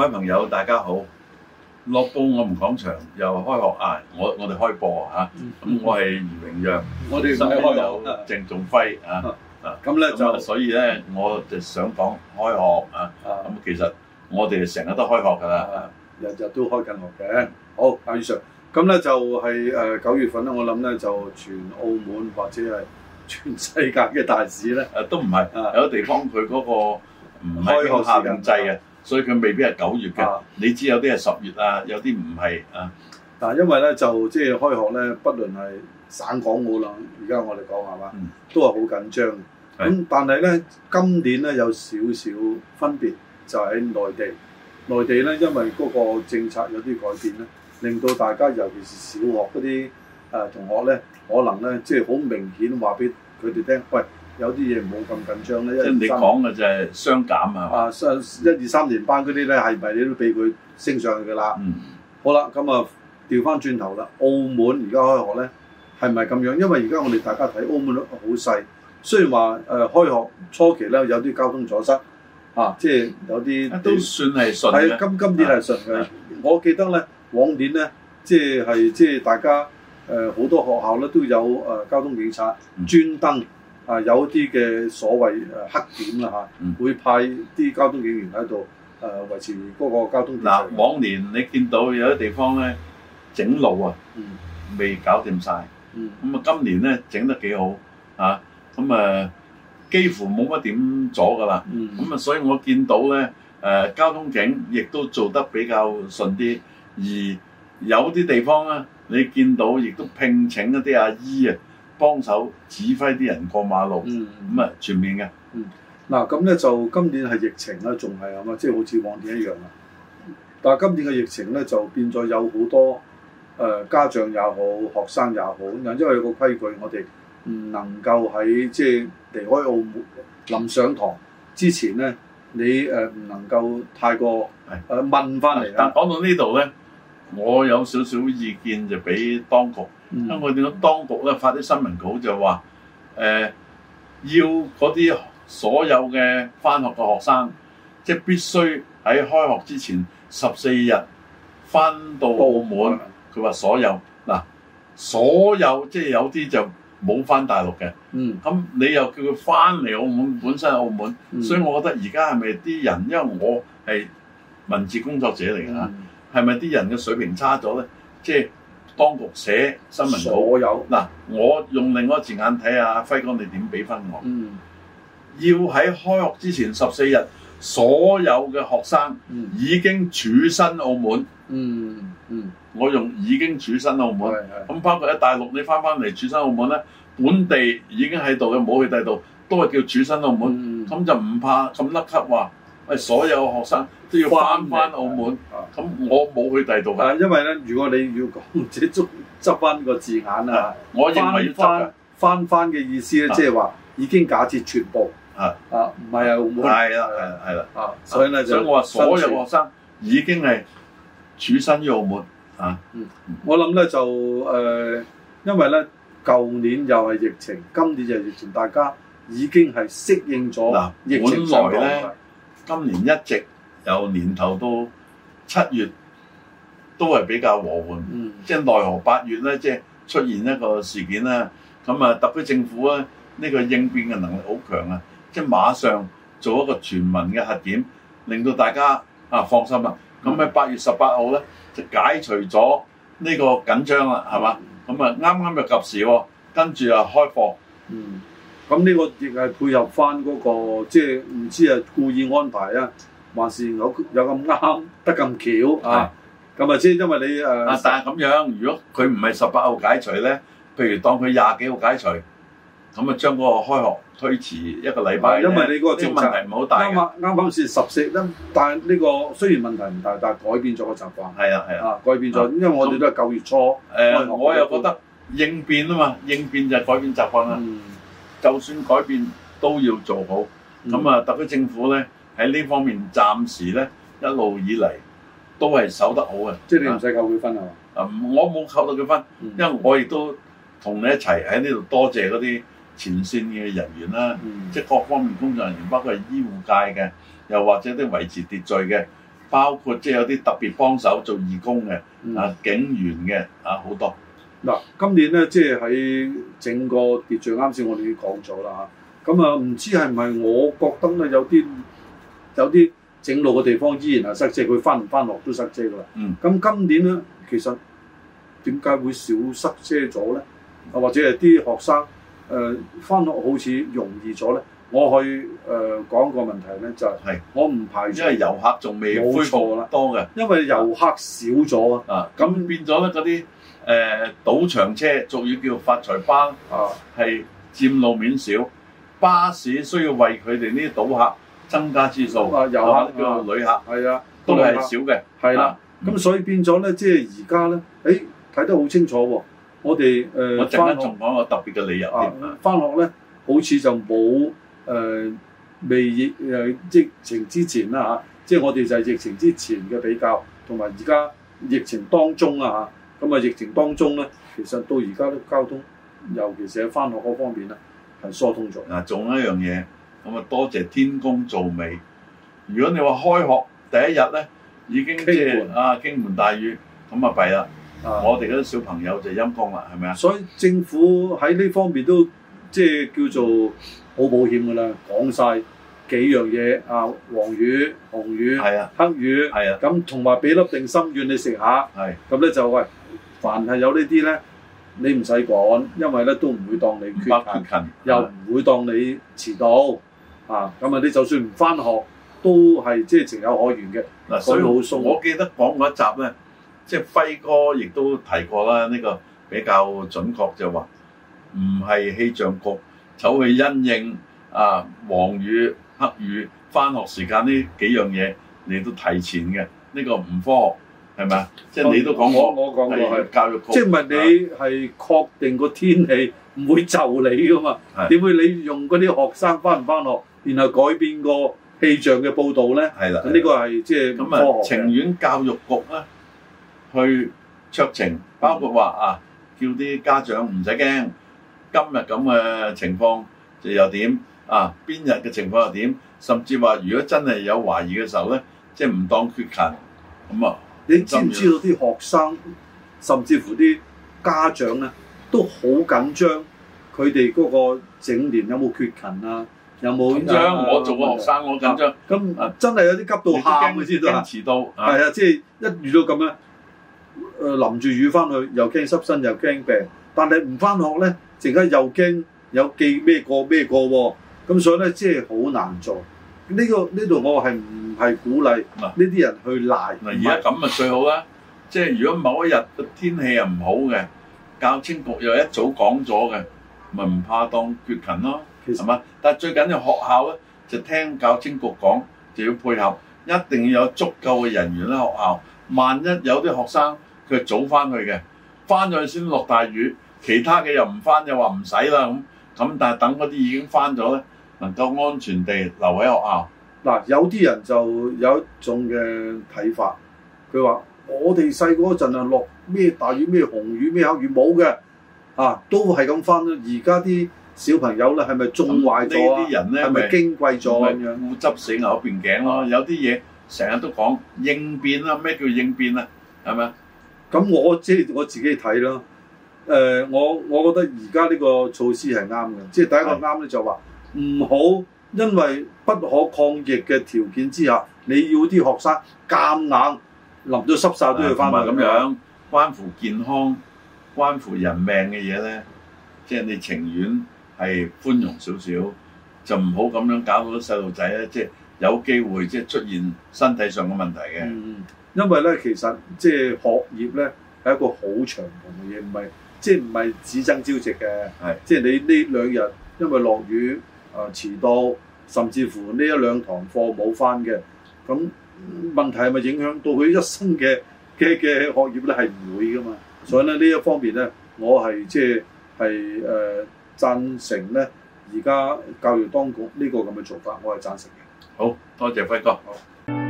各位朋友，大家好！樂報我哋講場，又開學啊！我我哋開播嚇，咁我係余榮陽，我哋新開正有鄭仲輝啊！咁咧就所以咧，就 我就想講開學啊！咁、啊啊、其實我哋成日都開學噶啦，日日都開緊學嘅。好阿、呃、余 Sir，咁咧就係誒九月份咧，我諗咧就全澳門或者係全世界嘅大使咧，誒都唔係有啲地方佢嗰個唔係經限制嘅。所以佢未必係九月嘅，啊、你知有啲係十月啊，有啲唔係啊。但因為咧就即係開學咧，不論係省港澳啦，而家我哋講係嘛，嗯、都係好緊張。咁的但係咧今年咧有少少分別，就喺、係、內地。內地咧因為嗰個政策有啲改變咧，令到大家尤其是小學嗰啲誒同學咧，可能咧即係好明顯話俾佢哋聽喂。有啲嘢唔好咁緊張咧，一、即你講嘅就係雙減啊！啊，一二三年班嗰啲咧，係咪你都俾佢升上去嘅啦？嗯，好啦，咁啊，調翻轉頭啦，澳門而家開學咧，係咪咁樣？因為而家我哋大家睇澳門都好細，雖然話誒開學初期咧有啲交通阻塞啊，即係有啲都算係順係今今年係順嘅。我記得咧往年咧，即係係即係大家誒好、呃、多學校咧都有誒、啊、交通警察專登、嗯。啊，有啲嘅所謂誒黑點啦嚇，會派啲交通警員喺度誒維持嗰個交通。嗱，往年你見到有啲地方咧整路啊，未搞掂晒。咁啊，今年咧整得幾好嚇，咁誒幾乎冇乜點阻㗎啦。咁啊，所以我見到咧誒交通警亦都做得比較順啲，而有啲地方咧，你見到亦都聘請一啲阿姨啊。幫手指揮啲人過馬路，咁啊、嗯、全面嘅。嗱咁咧就今年係疫情啦，仲係咁啊，即、就、係、是、好似往年一樣啦。但係今年嘅疫情咧就變咗有好多誒、呃、家長也好，學生也好。咁啊，因為有個規矩，我哋唔能夠喺、嗯、即係離開澳門臨上堂之前咧，你誒唔能夠太過誒是、呃、問翻嚟。但講到呢度咧，我有少少意見就俾當局。嗯、因為點講，當局咧發啲新聞稿就話，誒、呃、要嗰啲所有嘅翻學嘅學生，即係必須喺開學之前十四日翻到澳門。佢話的所有嗱，所有即係、就是、有啲就冇翻大陸嘅。咁、嗯、你又叫佢翻嚟澳門，本身喺澳門，嗯、所以我覺得而家係咪啲人，因為我係文字工作者嚟㗎，係咪啲人嘅水平差咗咧？即係。當局寫新聞稿，嗱有，我用另一個字眼睇下，輝哥，你點畀返我？嗯，要喺開學之前十四日，所有嘅學生已經處身澳門。嗯嗯，嗯，我用已經處身澳門。咁、嗯嗯、包括喺大陸，你翻翻嚟處身澳門咧，本地已經喺度嘅，冇去第二度，都係叫處身澳門。咁、嗯嗯、就唔怕咁甩級話。係所有學生都要翻翻澳門，咁我冇去第度。係因為咧，如果你要講即係執執翻個字眼啊，翻翻翻翻嘅意思咧，即係話已經假設全部啊啊唔係啊澳門。係啦係啦係啦啊，所以咧就所以我話所有學生已經係處身於澳門啊。我諗咧就誒，因為咧舊年又係疫情，今年又疫情，大家已經係適應咗疫情本來咧。今年一直由年頭到七月都係比較和緩，嗯，即係奈何八月咧，即係出現一個事件啦。咁啊，特區政府啊，呢、這個應變嘅能力好強啊，即係馬上做一個全民嘅核檢，令到大家啊放心啦。咁喺八月十八號咧，就解除咗呢個緊張啦，係嘛？咁啊、嗯，啱啱就及時喎，跟住啊開放。嗯咁呢個亦係配合翻、那、嗰個，即係唔知係故意安排啦，還是有有咁啱得咁巧啊？咁啊，即係因為你誒啊，但咁樣，如果佢唔係十八號解除咧，譬如當佢廿幾號解除，咁啊將嗰個開學推遲一個禮拜、啊，因為你嗰、那個問題唔好大，啱啱啱啱先十四，咁、嗯、但係呢個雖然問題唔大，但係改變咗個習慣，係啊係啊，啊，改變咗，啊、因為我哋都係九月初，誒我又覺得應變啊嘛，應變就係改變習慣啦。嗯就算改變都要做好，咁啊，特區政府咧喺呢方面暫時咧一路以嚟都係守得好嘅。即係你唔使扣佢分啊？啊，我冇扣到佢分，因為我亦都同你一齊喺呢度多謝嗰啲前線嘅人員啦，嗯、即係各方面工作人員，包括係醫護界嘅，又或者啲維持秩序嘅，包括即係有啲特別幫手做義工嘅，啊、嗯、警員嘅，啊好多。嗱，今年咧即係喺整個秩序，啱先我哋已經講咗啦嚇，咁啊唔知係唔係，我覺得咧有啲有啲整路嘅地方依然係塞車，佢翻唔翻學都塞車噶啦。嗯。咁今年咧其實點解會少塞車咗咧？啊或者係啲學生誒翻、呃、學好似容易咗咧？我去誒講、呃、個問題咧就係、係，是我唔排除，因為遊客仲未恢復多嘅，因為遊客少咗啊，咁那變咗咧嗰啲。誒、呃、賭場車俗語叫發財巴，係、啊、佔路面少，巴士需要為佢哋呢啲賭客增加次數。啊，遊客叫旅客，係啊，都係少嘅。係啦，咁所以變咗咧，即係而家咧，誒睇得好清楚喎。我哋誒翻學，我陣間仲講個特別嘅理由添啊。翻學咧，好似就冇誒未疫誒疫情之前啦吓，即係我哋就係疫情之前嘅比較，同埋而家疫情當中啊吓。啊咁啊，疫情當中咧，其實到而家咧，交通尤其是喺返學嗰方面咧，係疏通咗。嗱，仲有一樣嘢，咁啊，多謝天公造美。如果你話開學第一日咧，已經即係啊傾盆大雨，咁啊弊啦。我哋嗰啲小朋友就陰功啦，係咪啊？所以政府喺呢方面都即係叫做好保，保險㗎啦，講晒。幾樣嘢啊，黃雨、紅雨、啊、黑雨，咁同埋俾粒定心丸你食下，咁咧、啊、就喂，凡係有呢啲咧，你唔使趕，因為咧都唔會當你缺勤，又唔會當你遲到，啊，咁啊你就算唔返學，都係即係情有可原嘅。嗱、啊，送所以我記得講嗰一集咧，即係輝哥亦都提過啦，呢、這個比較準確就話，唔係氣象局走去、就是、因應啊黃雨。黑雨翻學時間呢幾樣嘢，你都提前嘅，呢、呢個唔科學係嘛？即係你都講我，我講過係教育局即係問你係確定個天氣唔會就你噶嘛？點會你用嗰啲學生翻唔翻學，然後改變個氣象嘅報導咧？係啦，呢個係即係咁啊，情願教育局啦，去酌情，包括話、嗯、啊，叫啲家長唔使驚，今日咁嘅情況就又點？啊！邊日嘅情況又點？甚至話，如果真係有懷疑嘅時候咧，即係唔當缺勤咁啊！你知唔知道啲學生，甚至乎啲家長咧，都好緊張。佢哋嗰個整年有冇缺勤啊？有冇、啊？咁我做過學生、啊，我咁咁真係有啲急到喊嘅，先遲到。係啊！即係、啊就是、一遇到咁樣，誒淋住雨翻去，bow, 又驚濕身，又驚病。但係唔翻學咧，陣間又驚有記咩過咩過喎！什麼什麼。咁所以咧，即係好難做。呢、這個呢度、這個、我係唔係鼓勵呢啲人去賴。嗱、啊，而家咁咪最好啦。即係如果某一日嘅天氣又唔好嘅，教青局又一早講咗嘅，咪唔怕當缺勤咯，其實，係嘛？但係最緊要學校咧就聽教青局講，就要配合，一定要有足夠嘅人員喺學校。萬一有啲學生佢早翻去嘅，翻咗去先落大雨，其他嘅又唔翻又話唔使啦咁，咁但係等嗰啲已經翻咗咧。能夠安全地留喺學校嗱，有啲人就有一種嘅睇法，佢話：我哋細個嗰陣啊落咩大雨、咩紅雨、咩黑雨冇嘅啊，都係咁翻。而家啲小朋友咧係咪中壞咗啲人咧？係咪矜貴咗？咁樣會執死咬邊頸咯。有啲嘢成日都講應變啦，啊，咩叫應變啊？係咪？咁我即係我自己睇咯。誒、呃，我我覺得而家呢個措施係啱嘅，即係第一個啱咧就話。的唔好，因為不可抗疫嘅條件之下，你要啲學生夾硬淋到濕晒都要翻去。咁、啊、樣，關乎健康、關乎人命嘅嘢咧，即係你情願係寬容少少，就唔好咁樣搞到細路仔咧，即係有機會即係出現身體上嘅問題嘅。嗯，因為咧其實即係學業咧係一個好長途嘅嘢，唔係即係唔係只爭朝夕嘅。係，即係你呢兩日因為落雨。誒遲、呃、到，甚至乎呢一兩堂課冇返嘅，咁、嗯、問題係咪影響到佢一生嘅嘅嘅學業咧？係唔會㗎嘛。所以咧呢一方面咧，我係即係係誒贊成咧，而家教育當局呢個咁嘅做法，我係贊成嘅。好多謝輝哥。好